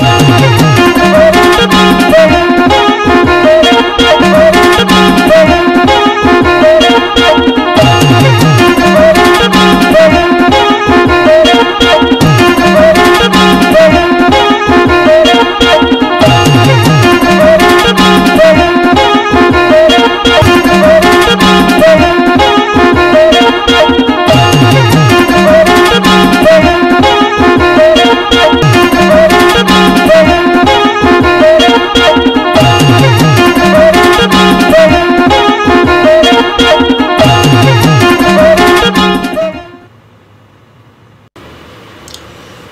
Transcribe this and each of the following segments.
Thank you.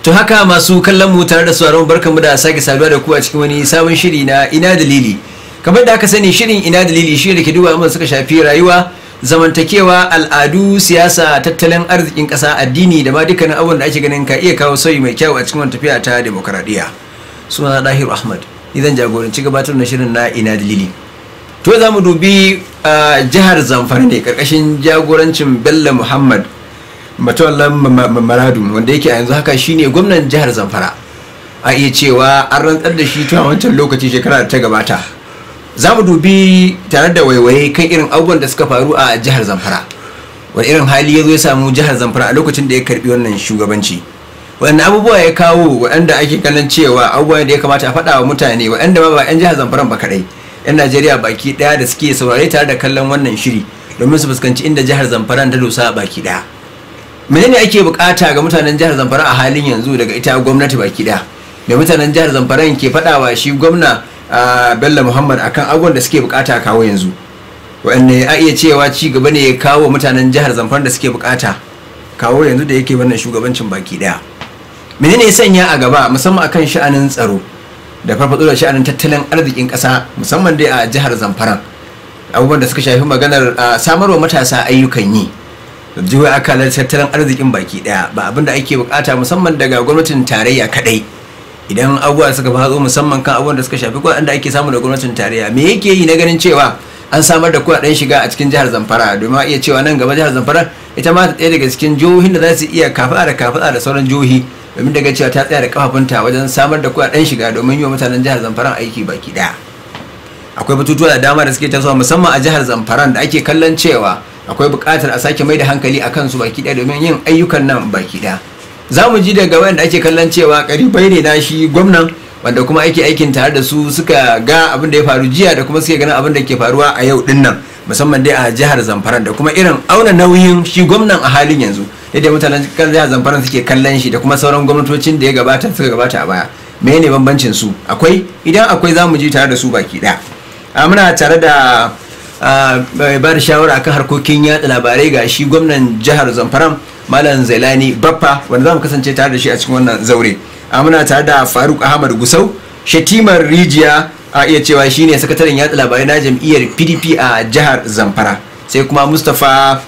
to haka masu kallon mu tare da sauraron barkan mu da sake saduwa da ku a cikin wani sabon shiri na ina dalili kamar da aka sani shirin ina dalili shi da ke duba amma suka shafi rayuwa zamantakewa al'adu siyasa tattalin arzikin ƙasa addini da ma dukkanin abubuwan da ake ganin ka iya kawo sauyi mai kyau a cikin wani tafiya ta demokaradiyya suna na dahiru ahmad ni zan jagoranci gabatar da shirin na ina dalili to za mu dubi ah, jihar zamfara ne karkashin jagorancin bello muhammad matawallan maradun wanda yake a yanzu haka shine gwamnan jihar zamfara a iya cewa an rantsar da shi tun wancan lokaci shekara da ta gabata za mu dubi tare da waiwaye kan irin abubuwan da suka faru a jihar zamfara wani irin hali ya zo ya samu jihar zamfara a lokacin da ya karbi wannan shugabanci wannan abubuwa ya kawo waɗanda ake ganin cewa abubuwa da ya kamata a faɗa wa mutane waɗanda ba ba 'yan jihar zamfara ba kaɗai 'yan najeriya baki ɗaya da suke saurare tare da kallon wannan shiri domin su fuskanci inda jihar zamfara ta dosa baki ɗaya menene ake bukata ga mutanen jihar zamfara a halin yanzu daga ita gwamnati baki daya da mutanen jihar zamfara ke faɗawa shi gwamna bello muhammad akan abubuwan da suke bukata kawo yanzu wanne a iya cewa ci gaba ne ya kawo mutanen jihar zamfara da suke bukata kawo yanzu da yake wannan shugabancin baki daya menene ya sanya a gaba musamman akan sha'anin tsaro da farfaɗo da sha'anin tattalin arzikin ƙasa musamman dai a jihar zamfara abubuwan da suka shafi maganar samarwa matasa ayyukan yi juya akalar tattalin arzikin baki daya ba abin da ake bukata musamman daga gwamnatin tarayya kadai idan abubuwa suka fazo musamman kan abubuwan da suka shafi kuɗaɗen da ake samu da gwamnatin tarayya me yake yi na ganin cewa an samar da dan shiga a cikin jihar zamfara domin iya cewa nan gaba jihar zamfara ita ma ɗaya daga cikin jihohin da za su iya kafa da kafa da sauran jihohi domin daga cewa ta tsaya da kafafunta wajen samar da dan shiga domin yi wa mutanen jihar zamfara aiki baki daya akwai batutuwa da dama da suke tasowa musamman a jihar zamfara da ake kallon cewa akwai buƙatar a sake mai da hankali a kansu baki ɗaya domin yin ayyukan nan baki ɗaya za mu ji daga wanda ake kallon cewa ƙaribai ne na shi gwamnan wanda kuma ake aikin tare da su suka ga abin da ya faru jiya da kuma suke ganin abin da ke faruwa a yau ɗin nan musamman dai a jihar zamfara da kuma irin auna nauyin shi gwamnan a halin yanzu yadda mutanen kan jihar zamfara suke kallon shi da kuma sauran gwamnatocin da ya gabata suka gabata a baya mene bambancin su akwai idan akwai za mu ji tare da su baki ɗaya muna tare da ba da shawara akan harkokin yada labarai ga shi gwamnan jihar zamfaram malam zailani baffa wanda za mu kasance tare da shi a cikin wannan zaure a muna tare da faruk ahmad gusau shatimar rijiya a iya cewa shine sakataren yada labarai na jam'iyyar pdp a jihar zamfara sai kuma mustapha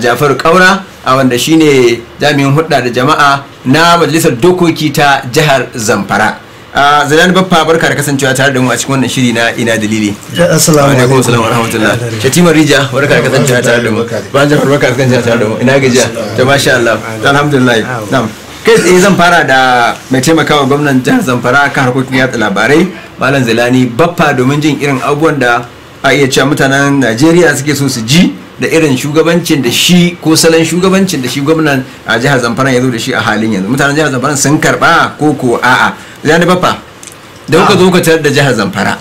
jafar kaura a wanda shine jami'in hudda da jama'a na majalisar dokoki ta jihar zamfara zidane baffa barka da kasancewa tare da mu a cikin wannan shiri na ina dalili assalamu alaikum assalamu rahmatullah shatima rija barka da kasancewa tare da mu ban jafar barka da kasancewa tare da mu ina gajiya to masha Allah alhamdulillah na'am kai tsaye zan fara da mai taimakawa gwamnan jihar Zamfara kan harkokin yatsa labarai malam zilani baffa domin jin irin abubuwan da a iya cewa mutanen Najeriya suke so su ji da irin shugabancin da shi ko salon shugabancin da shi gwamnan a jihar Zamfara ya zo da shi a halin yanzu mutanen jihar Zamfara sun karba ko ko a'a zani bafa da kuka zo ah. kuka da jihar zamfara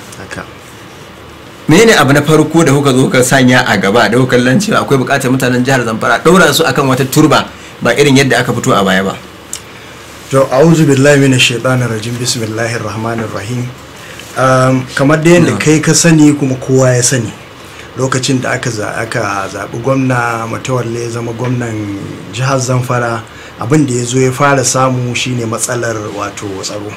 menene abu na farko da kuka zo kuka sanya a gaba da kuka lan cewa akwai bukatar mutanen jihar zamfara daura su akan wata turba ba irin yadda aka fito a baya ba to a'udhu billahi minash shaitanir rajim bismillahir rahmanir rahim um, kamar da yadda kai ka sani kuma kowa ya sani lokacin da aka aka zaɓi gwamna matawalle ya zama gwamnan jihar zamfara abin da ya zo ya fara samu shine matsalar wato tsaro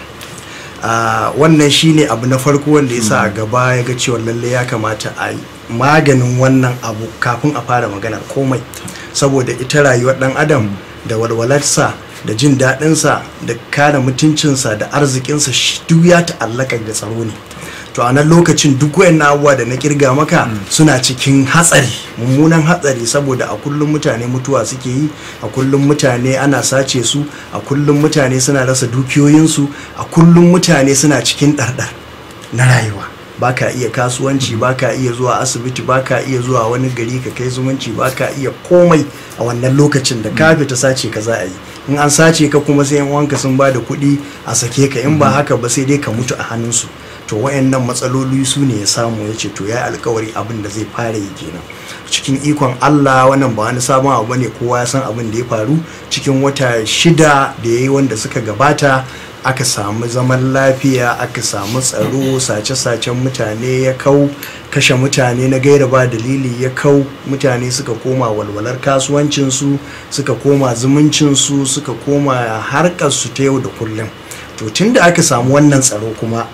Ah, wannan shine abu na farko wanda ya sa a hmm. gaba ya ga cewa lalle ya kamata a maganin wannan abu kafin a fara maganar komai saboda ita rayuwar dan adam hmm. da walwalarsa da jin daɗinsa da kare mutuncinsa da arzikinsa duk ya ta'allaka da tsaro ne to a nan lokacin duk na abubuwa da na kirga maka mm. suna cikin hatsari mummunan hatsari saboda a kullum mutane mutuwa suke yi a kullum mutane ana sace su a kullum mutane suna rasa dukiyoyinsu a kullum mutane suna cikin ɗarɗar na rayuwa ba ka iya kasuwanci ba ka iya zuwa asibiti ba ka iya zuwa wani gari ka kai zumunci ba ka iya komai a wannan lokacin da ka mm. ta sace ka za a yi in an sace ka kuma sai wanka sun ba da kuɗi a sake ka in ba mm. haka ba sai dai ka mutu a hannunsu to wayannan matsaloli su ne ya samu ya ce to ya yi alkawari abin da zai fara yi kenan cikin ikon Allah wannan ba wani sabon abu bane kowa ya san abin da ya faru cikin wata shida da ya yi wanda suka gabata aka samu zaman lafiya aka samu tsaro sace-sacen mutane ya kau kashe mutane na gaira ba dalili ya kau mutane suka koma walwalar kasuwancinsu suka koma zumuncinsu suka koma harkarsu ta yau da kullum to tun da aka samu wannan tsaro kuma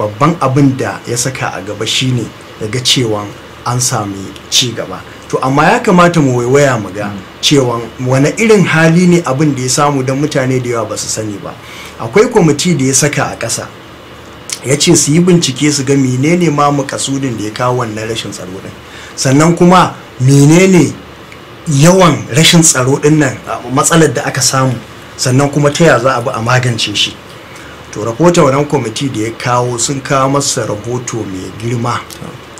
babban abin da ya saka a gaba shine daga cewa an sami ci gaba to amma ya kamata mu waiwaya mu ga cewa wani irin hali ne abin da ya samu don mutane da yawa ba su sani ba akwai kwamiti da ya saka a ƙasa ya ce su yi bincike su ga menene ma makasudin da ya kawo wannan rashin tsaro din sannan kuma menene yawan rashin tsaro din nan matsalar da aka samu sannan kuma ta ya za a bi a magance shi to rahoton wannan kwamiti da ya kawo sun kawo masa rahoto mai girma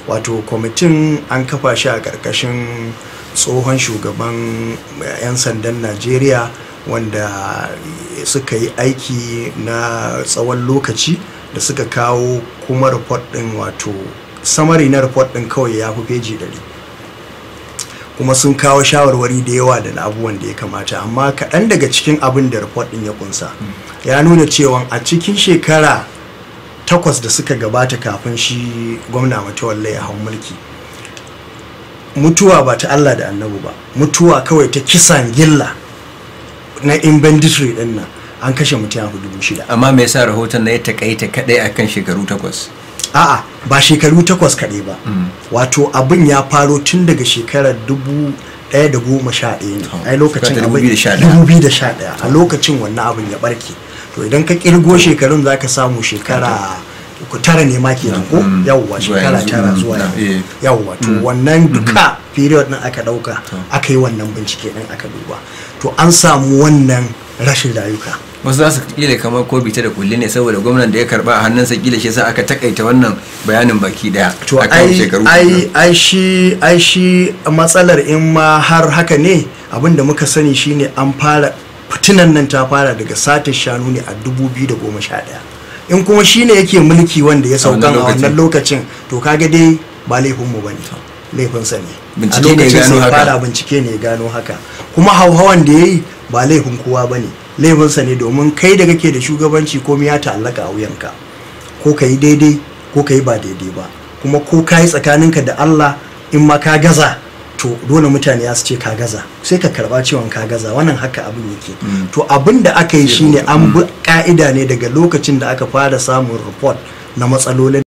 wato kwamitin an kafa shi a ƙarƙashin tsohon shugaban eh, 'yan sandan najeriya wanda suka yi aiki na tsawon lokaci da suka kawo kuma report din wato samari na report din kawai ya fi feji ɗari kuma sun kawo shawarwari da yawa da abubuwan da ya kamata amma kaɗan daga cikin abin da report ɗin ya kunsa ya nuna cewa a cikin shekara takwas da suka gabata kafin shi gwamna wallai ya hau mulki mutuwa ba ta allah da annabu ba mutuwa kawai ta kisan gilla na inventory ɗin nan an kashe mutum dubu shida amma me yasa rahoton na ya takaita kadai akan shekaru takwas a'a ba shekaru takwas kaɗai ba hmm. wato abin ya faro tun daga shekarar dubu ɗaya da goma sha ɗaya ne ai lokacin abin dubu biyu da sha ɗaya a lokacin wannan abin ya barke to idan ka kirgo shekarun za ka samu shekara ku tara ne ma da ko hmm. yawwa shekara tara hmm. zuwa yawwa eh. to wannan duka period din aka ɗauka aka yi wannan bincike din aka duba to an samu wannan rashin rayuka wasu za su kila kamar ko bita da kulli ne saboda gwamnan da ya karba a hannunsa kila shi sa aka takaita wannan bayanin baki daya to ai ai shi ai shi matsalar in ma har haka ne abin muka sani shine an fara fitinan nan ta fara daga satin shanu ne a 2011 in kuma shine yake mulki wanda ya saukan a wannan lokacin to kaga dai ba laifin mu bane sa ne a lokacin fara bincike ne gano haka kuma hauhawan da yayi ba laifin kowa bane laifinsa ne domin kai da kake da shugabanci komai ya ta'allaka a wuyanka ko ka yi daidai ko ka yi ba daidai ba kuma ko ka yi tsakaninka da Allah in ma ka gaza to dole mutane ya su ce ka gaza sai ka karba cewa ka gaza wannan haka abin yake mm. to abin da aka yi shine an bi ka'ida mm. ne daga lokacin da aka fara samun report na matsalolin